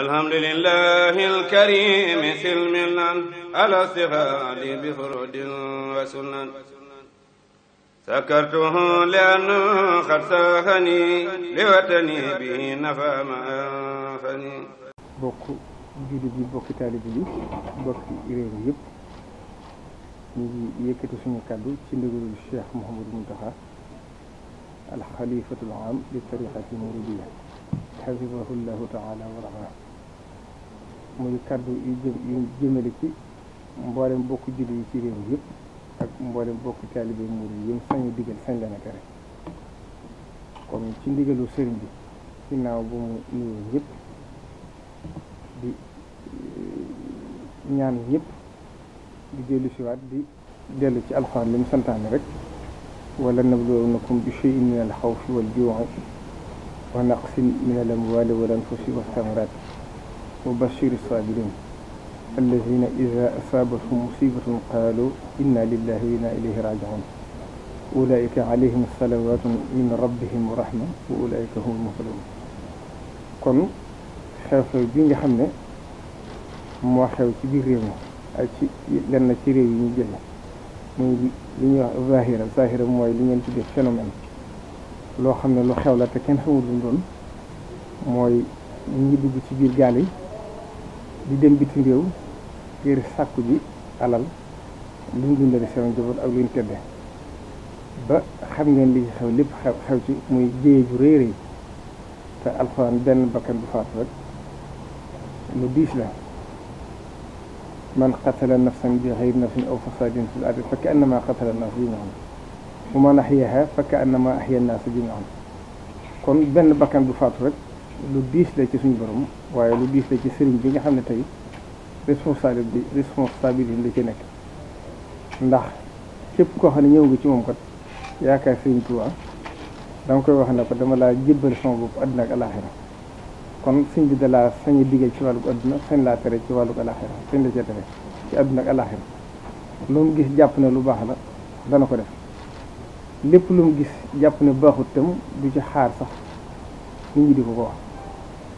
alhamdulillahi alkarimi silmilan alastihadi bi furudin wa sunan sakartuhu liannu xat saxani li watani bi nafa ma fani bokk jullit yi bokki taalib yi bokki réew mi yëpp ñu ngi yëkkati suñu kàddu ci ndigalul Cheikh Mouhamadou Mountakha alxalifatul am li tariqati mouridiyya xafidahu llahu taala wa rafaa muy kàddu yu jëm ci mboolem bokk julli yi ci réew mi yëpp ak mboolem bokk taalibe muur yi yéen sañu digal sañ la naka rek kon ci ndigalu sëriñ bi ginnaaw bu mu nuyu ñëpp di eh, ñaan ñëpp di dellu siwaat di dellu ci alxuraan li mu santaane rek wala nabluwannakum bi shay'in min al xawfi wal juu'i wa naqsin min al amwaali wal anfusi wa samaraat wa bashiri sabirin alladina ida asaabathum musibatun qaalu inna lillahi wa inna ilayhi rajiun ulaika alayhim salawatun min rabbihim wa rahma wa ulaika hum muflihun kon xew-xew bi nga xam ne moo xew ci biir réew mi ak ci lenn ci réew yi ñu jële muy li ñuy wax zahira zahira mooy li ngeen tuddee phénomène loo xam ne lu xew la te kenn xamul lu doon mooy ñi dugg ci biir gaal yi di dem bitim réew ngir sàkku ji alal lu ñu dundale seen njaboot ak lu ñu tedde ba xam ngeen li xew lépp xew xew ci muy jéye ju rëy rëy te alxuraan benn bakkan bu faatu rek lu diis la man qatala nafsan bi xayri nafsin aw fasadin fil ardi fa ka annama qatala nnaasa jamii'an wa man ahyaha fa ka annama ahya nnaasa jamii'an kon benn bakkan bu faatu rek lu diis la ci suñu borom waaye lu diis la ci sëriñ bi nga xam ne tey responsabilité responsabilité la ci nekk ndax képp koo xam ne ñëw nga ci moom kat yaakaar sëriñ Tuubaa dama koy wax ne ko dama laa jébbal sama boobu àdduna ak alaaxira kon sëñ bi da laa sañ a digal ci wàllu àdduna sañ laa tere ci wàllu alaaxira sañ la cee tere ci àdduna ak alaaxira lu gis jàpp ne lu baax la dana ko def lépp lu gis jàpp ne baaxut tam du ci xaar sax nit ñi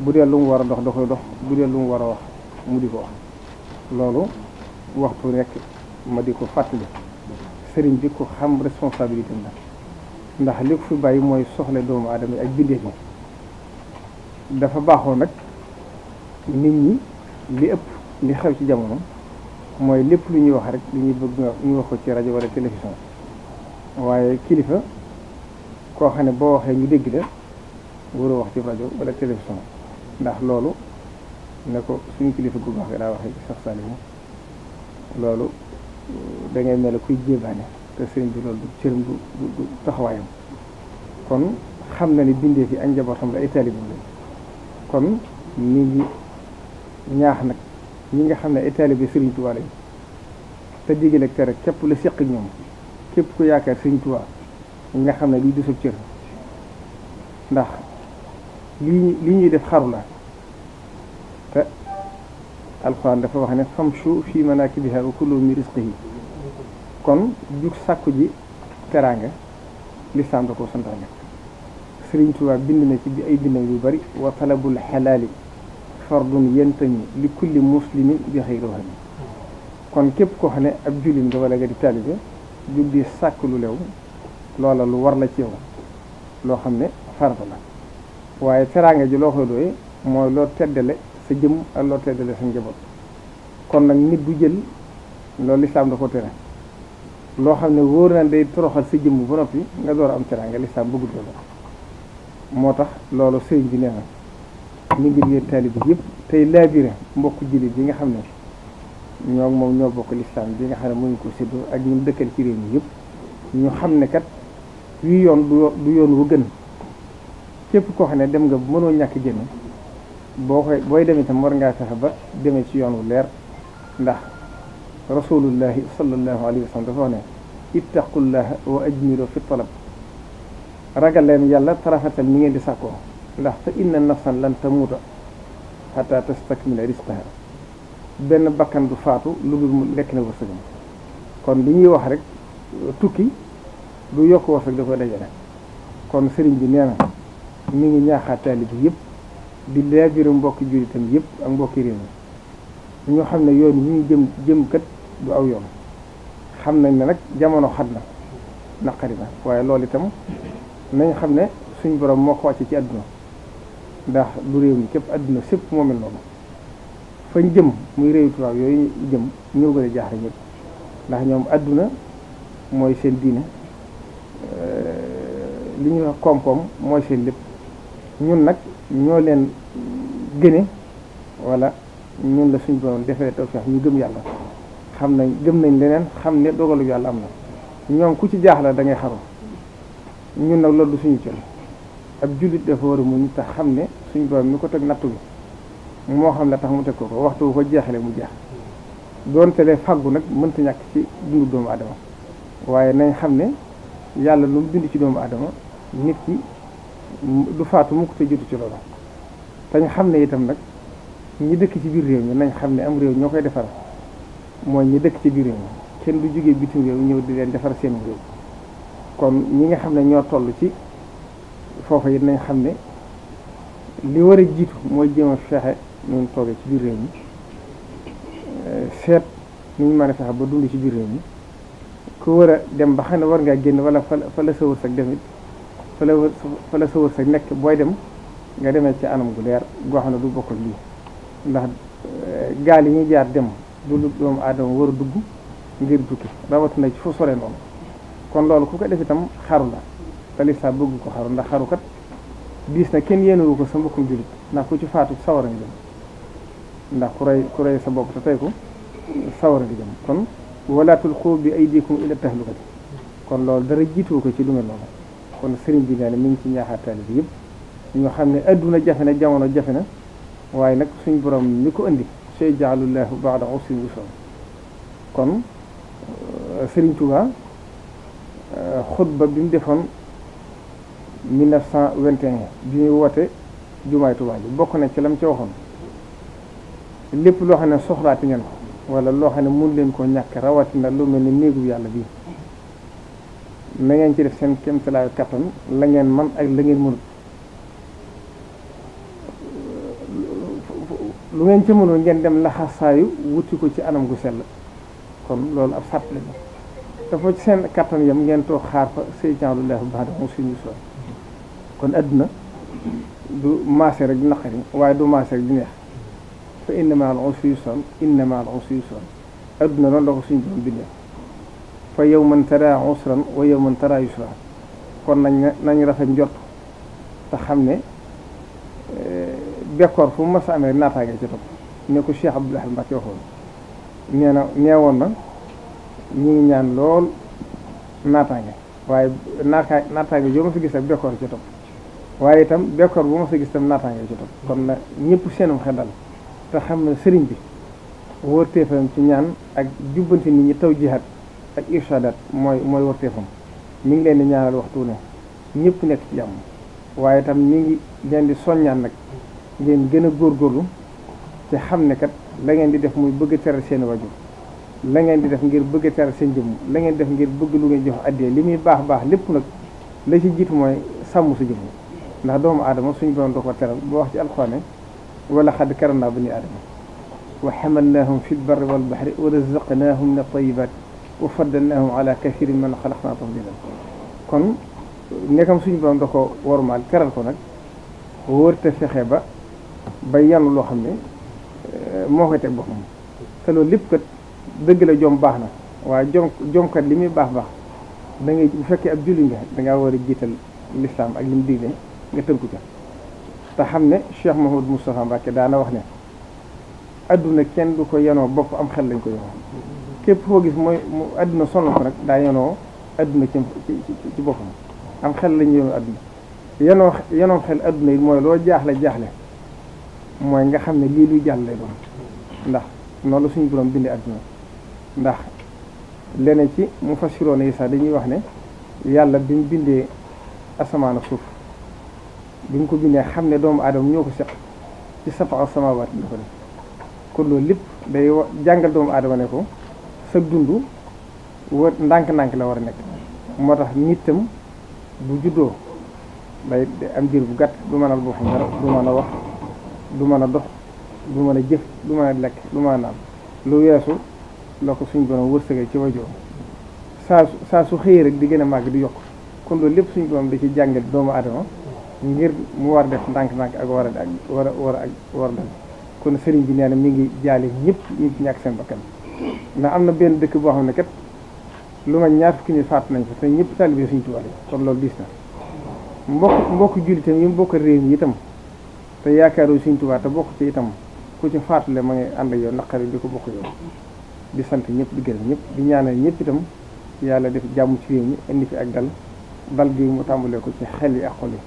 bu dee lu mu war a dox da koy dox bu dee lu mu war a wax mu di ko wax loolu waxtu rekk ma di ko fàttali sëriñ bi ko xam responsabilité la ndax lépp ko fi bàyyi mooy soxla doomu aadama yi ak bindeef yi dafa baaxoo nag nit ñi li ëpp li xew ci jamono mooy lépp lu ñuy wax rek li ñuy bëgg ñu wax ko ci rajo wala télévision waaye kilifa koo xam ne boo waxee ñu dégg la waroo wax ci rajo wala télévision ndax loolu ne ko suñu kilifa gu baax gi daa waxe Seex Saalimu loolu dangay ngay mel kuy jébaane te sëriñ bi loolu du cëram du du taxawaayam kon xam na ni bindee fi ak njabootam la ay taalibam lañ kon mi ngi ñaax nag ñi nga xam ne ay bi sëriñ Tuubaa lañ te digal ak tere képp la seq ñoom képp ku yaakaar sëriñ Tuubaa nga xam ne lii du sa cër ndax li li ñuy def xaru la te alxuraan dafa wax ne famshu fi manaakibihaa wa kulu min rizqihi kon jug sàkku ji teraanga lislaam da ko santaane Sëriñ Tuubaa bind na ci bi ay bindam yu bari wa talabul xalaali fardun yentami li kulli muslimin bi xëy rohani kon képp koo xam ne ab jullit nga wala nga di taalibe jug sàkk lu lew loola lu war la ci yow loo xam ne farata la waaye teraange ji loo koy doy mooy loo teddale sa jëm ak loo teddale sa njaboot kon nag nit bu jël loolu lislaam da ko tere loo xam ne wóor na day toroxal sa jëmm ba noppi nga door a am teraange lislaam bëggut loolu moo tax loolu sëriñ bi nee na mi ngi yéen taalib yëpp tey laabire mbokk jullit yi nga xam ne ñoo moom ñoo bokk lislaam bi nga xam ne mënuñ ko séddoo ak ñu dëkkal ci réew mi yëpp ñu xam ne kat yu yoon du yoon wu gën képp koo xam ne dem nga mënoo ñàkk génn boo koy booy demee itam war ngaa fexe ba deme ci yoon wu leer ndax rasulullahi sallallahu alayhi wa sallam dafa wax ne ittaqullaha wa ajmilu fi talab ragal yàlla tarafetal mi ngeen di sàkkoo ndax fa inna nafsan lan tamuuta xataa tastakmila risqaha benn bakkan du faatu lu dul mu lekk na wërsëgam kon li ñuy wax rek tukki du yokk wërsëg da koy dajale kon sëriñ bi nee na mi ngi ñaaxaat taalibe yëpp di laabiru mbokki jullitam yëpp ak mbokki réew mi ñoo xam ne yoon wi ñu jëm jëm kat du aw yoon xam nañ ne nag jamono xat na naqari na waaye loolu itam nañ xam ne suñ borom moo ko wàcce ci àdduna ndax lu réew mi képp àdduna sépp moo mel noonu fañ jëm muy réew tubaab yooyu jëm ñoo gën a jaaxle ndax ñoom àdduna mooy seen diine li ñuy wax koom-koom mooy seen lépp ñun nag ñoo leen gëne wala ñun la suñ borom defee tawfeex ñu gëm yàlla xam nañ gëm nañ leneen xam ne dogalu yàlla am na ñoom ku ci jaaxle da ngay xaru ñun nag loolu du suñu cër ab jullit dafa war a muñ tax xam ne suñ borom ñu ko teg nattu bi moo xam ne tax mu teg ko ko waxtu ko jeexale mu jeex doonte lee fàggu nag mënta ñàkk ci dundu doomu adama waaye nañ xam ne yàlla lu mu bind ci doomu aadama nit ki du faatu mukk te jotu ci loolu te ñu xam ne itam nag ñi dëkk ci biir réew mi nañ xam ne am réew ñoo koy defar mooy ñu dëkk ci biir réew mi kenn du jógee bitim ñëw di leen defar seen réew kon ñi nga xam ne ñoo toll ci foofa it nañ xam ne li war a jiitu mooy jéem fexe ñu toogee ci biir réew mi eh, seet nu ñu mën a fexe ba dund ci biir réew mi ku war a dem ba xam ne war ngaa génn wala fa la sa wërsëg dem it fa la fa la sa nekk booy dem nga demee ci anam gu leer goo xam ne du bokk ak lii ndax eh, gaal yi ñuy jaar dem du lu doomu aadama war a dugg ngir tukki rawatina ci fu sore noonu kon loolu ku ko def itam xaru la te lislaam bëgg ko xaru ndax xaru kat diis na kenn yéenewu ko sa mbokkum jullit ndax ku ci faatu sawara nga jëm ndax ku rey ku rey sa bopp te tey ko sawara nga jëm kon walaa tulqu bi aydikum ila tahlukati kon loolu dara jiituwu ko ci lu mel kon sëriñ bi nee na mi ngi ci ñaaxaar taalibe yëpp ñu xam ne adduna jafe na jamono jafe na waaye nag suñ borom mi ko indi baax jaalullahu baada usri yusra kon euh, sëriñ Tuubaa euh, xutba bi mu defoon 1921 bi ñuy woote jumaay Tuubaa ji bokk na ci lam ci waxoon lépp loo xam ne soxlaati ngeen ko walla loo xam ne mun leen koo ñàkk rawatina loo mel ni néegu yàlla bii na ngeen ci def seen kéemtalaayu kattan la ngeen man ak la ngeen mënut lu ngeen ci mënul ngeen dem laxasaayu wuti ko ci anam gu sell kon loolu ab sàttali la seen kattan yam ngeentoo toog xaar fa sëy lu leef baax de moom suñu sooy kon àdduna du maase rek di naqari waaye du maase rek di neex fa inna ma'al usri yusran inna ma'al usri yusran àdduna noonu la ko suñu doon bindee fa yawman tara usran wa yawman tara kon nañ nañ rafet njort te xam ne eh, bekkoor fu mas a amee naataange ci topp ne ko Cheikh na neewoon na ñu ngi ñaan lool naataange waaye naata naataange joo ma sa gis ak bekkoor ci topp waaye itam bu ma sa gis itam naataange joto kon na ñëpp seenum xel te xam ne sëriñ bi wóor teefam ci ñaan ak jubbanti nit ñi taw jihaat ak irshadaat mooy mooy warteefam mi ngi leen di ñaanal waxtu ne ñëpp nekk ci jàmm waaye tam mi ngi leen di soññaan nag ngeen gën a góor góorlu te xam ne kat la ngeen di def muy bëgg a teral seen wajur la ngeen di def ngir bëgg a teral seen jëmm la ngeen di def ngir bëgg lu ngeen jox addee li muy baax baax lépp nag la ci jiitu mooy sàmm su jëmm ndax doomu aadama suñu doon da ko teral boo wax ci alxuraan wala xad karam naa bani aadama wa xamalnaahum fi lbarri walbaxri wa faddalnaahum ala kathirin man xalaqnaa tafdilan kon nekkam suñu borom da ko wormaal teral ko nag wërte fexe ba ba yanu loo xam ne eh, moo koy teg boppam te lépp kat dëgg la jom baax na waaye jom jomkat li muy baax baax da ngay bu fekkee ak julli nga dangaa war a jiital lislaam ak li mu digle nga ko ca te xam ne Cheikh Mahmoud Moustapha mbaake daana wax ne adduna kenn du ko yenoo bopp am xel lañ ko yanoo képp koo gis mooy mu àdduna sonn ko rek daa yenoo àdduna ci ci boppam am xel lañu yenoo àdduna yenoo xel àdduna yi mooy loo jaaxle jaaxle mooy nga xam ne lii luy jàll lay doon ndax noonu la suñu borom bindi àdduna ndax leneen ci mu fasiroon yi sax dañuy wax ne yàlla bi mu bindee asamaan suuf bi mu ko bindee xam ne doomu mu ñoo ko set ci sapa ak samaawaat bi ko def kon loolu lépp day jàngal doomu aadama ne ko sag dund war ndànk-ndànk la war a nekk moo tax nit tam bu juddoo day am diir bu gàtt du mën a boo xam dara du mën a wax du mën a dox du mën a jëf du mën a lekk du mën a naan lu weesu la ko suñ borom wërsëgal ci wajoo saa su saa su xëyee rek di gën a màgg di yokk kon loolu yépp suñ borom di ci jàngal doomu aadama ngir mu war def ndànk-ndànk ak war a ak war a war a ak war a def kon sëriñ bi nee na mi ngi jaale ñëpp ñi ci ñàkk seen bakkan ndax am na benn dëkk boo xam ne kat lu ma ñaar fukki nit faatu nañ fa te ñëpp taalibe Sëriñ Tuubaa kon loolu diis na mbokk mbokk jullitam yi mu bokk réew mi itam te yaakaaru Sëriñ Tuubaa te bokk ci itam ku ci faatule ma ngi ànd yow naqari di ko bokk yow di sant ñëpp di gërëm ñëpp di ñaanal ñëpp itam yàlla def jàmm ci réew mi indi fi ak dal dal gi mu tàmbalee ko ci xel yi ak xol yi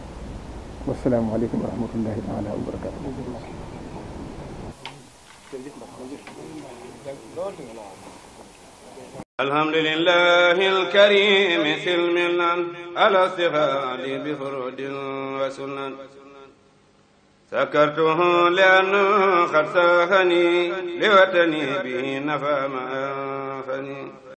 wasalaamaaleykum wa rahmatullahi taala wa barakatu الحمد لله الكريم سلمنا على استفاد بفرد وسنن سكرته لأنه قد ساخني لوطني به نفى ما أنفني